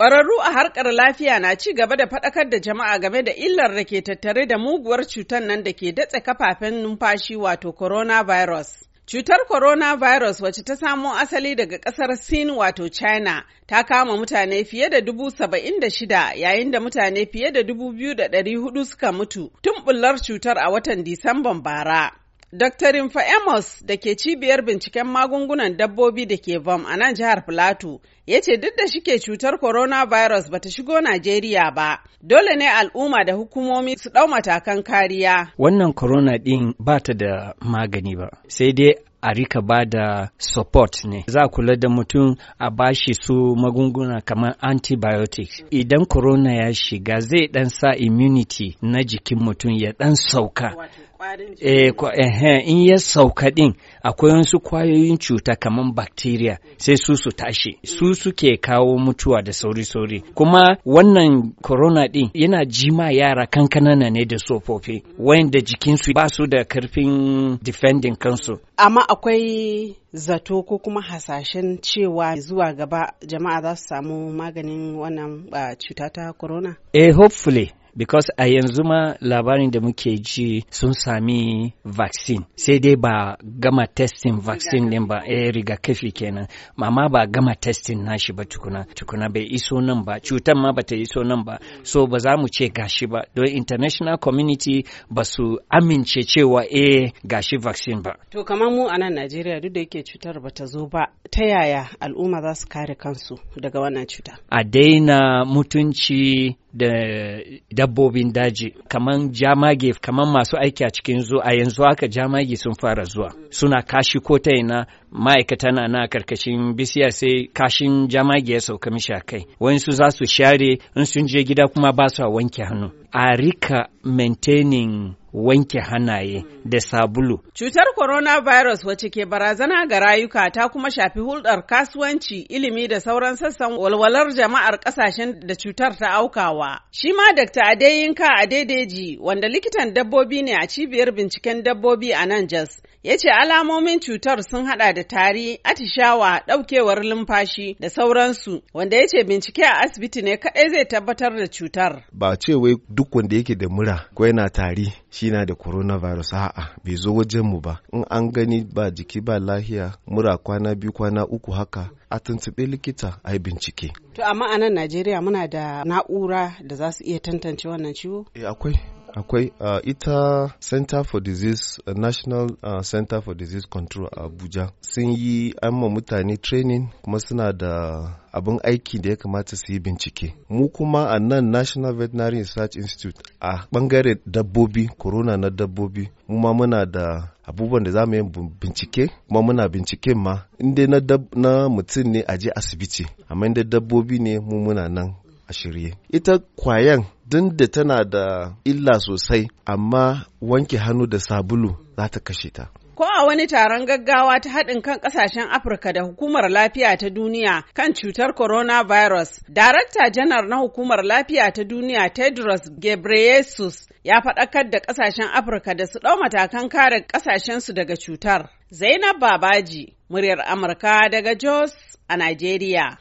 Ƙwararru a harkar lafiya na ci gaba da faɗakar da jama'a game da illar da ke tattare da muguwar cutar nan da ke datse kafafen numfashi wato coronavirus. Cutar coronavirus wacce ta samo asali daga ƙasar Sin wato China ta kama mutane fiye da dubu saba'in da shida yayin da mutane fiye da dubu biyu da ɗari hudu suka mutu tun bullar cutar a watan Disamban bara. Dr. Rinfa Amos da ke cibiyar binciken magungunan dabbobi da ke VOM a nan jihar Filato ya ce duk da shike cutar coronavirus ba ta shigo Najeriya ba, dole ne al'umma da hukumomi su ɗau matakan kariya. Wannan corona ɗin ba ta da magani ba, sai dai a rika ba da support ne za kula da mutum a bashi su magunguna kamar antibiotics idan corona ya shiga zai ɗan sa immunity na jikin mutum ya ɗan sauka eh in ya sauka din akwai wasu kwayoyin cuta kamar bakteriya, sai su su tashi su mm. suke kawo mutuwa da sauri-sauri kuma wannan corona din yana jima yara kankanana ne da tsofaffi wayanda jikinsu ba su da karfin defending kansu amma akwai zato ko kuma hasashen cewa zuwa gaba jama'a za su samu maganin wannan ah, cuta ta corona eh hopefully because a yanzu ma labarin da muke ji sun sami vaccine sai dai ba gama testing vaccine din ba eh rigakafi kenan mama ba gama testing nashi ba tukuna tukuna bai iso nan ba cutar ma bata iso nan ba so ba za mu ce gashi ba don international community ba su amince cewa eh gashi vaccine ba to kamar mu a nan Najeriya duk da yake cutar bata zo ba ta yaya al'umma za su kare kansu daga wannan cuta a daina mutunci da dabbobin daji kaman jamage kaman masu aiki a cikin zu a yanzu haka jamage sun fara zuwa suna kashi ko ta ina ma'aikata na na karkashin bisiya sai kashin jamage ya sauka mishi a kai wayansu za su share in sun je gida kuma ba su wanke hannu a rika maintaining wanke hannaye da sabulu. Cutar coronavirus wacce ke barazana ga rayuka ta kuma shafi hulɗar kasuwanci, ilimi da sauran sassan walwalar jama'ar ƙasashen da cutar ta aukawa. Shi ma Dr. Adeyinka Adedeji, wanda likitan dabbobi ne a cibiyar binciken dabbobi a nan Jos, ya ce alamomin cutar sun haɗa da tari, atishawa, ɗaukewar numfashi, da sauransu wanda ya ce bincike a asibiti ne kaɗai zai tabbatar da cutar. Ba ce wai duk wanda yake da mura ko yana tari Kina na da coronavirus a'a bai zo wajen mu ba in an gani ba jiki ba lahiya mura kwana biyu kwana uku haka a likita a bincike to amma a nan najeriya muna da na'ura da za su iya tantance wannan ciwo eh akwai Akwai uh, ita Center for Disease, uh, National uh, Center for Disease Control a Abuja. Sun yi an ma mutane training kuma suna da abin aiki da ya kamata su yi bincike. Mu kuma a nan National Veterinary Research Institute a bangare dabbobi, corona na dabbobi, mu ma muna da abubuwan da za mu yi bincike, kuma muna bincike ma, inda na, na mutum ne a je asibiti, amma inda dabbobi ne mu muna nan a shirye. Ita kwayan din da tana da illa sosai amma wanke hannu da sabulu za ta kashe ta ko a wani taron gaggawa ta haɗin kan ƙasashen Afirka da Hukumar Lafiya ta Duniya kan cutar coronavirus, Darakta Janar na Hukumar Lafiya ta Duniya Tedros Ghebreyesus ya faɗakar da ƙasashen Afirka da su ɗau matakan kare ƙasashensu daga cutar. Zainab Babaji, muryar Amurka daga Jos a Najeriya.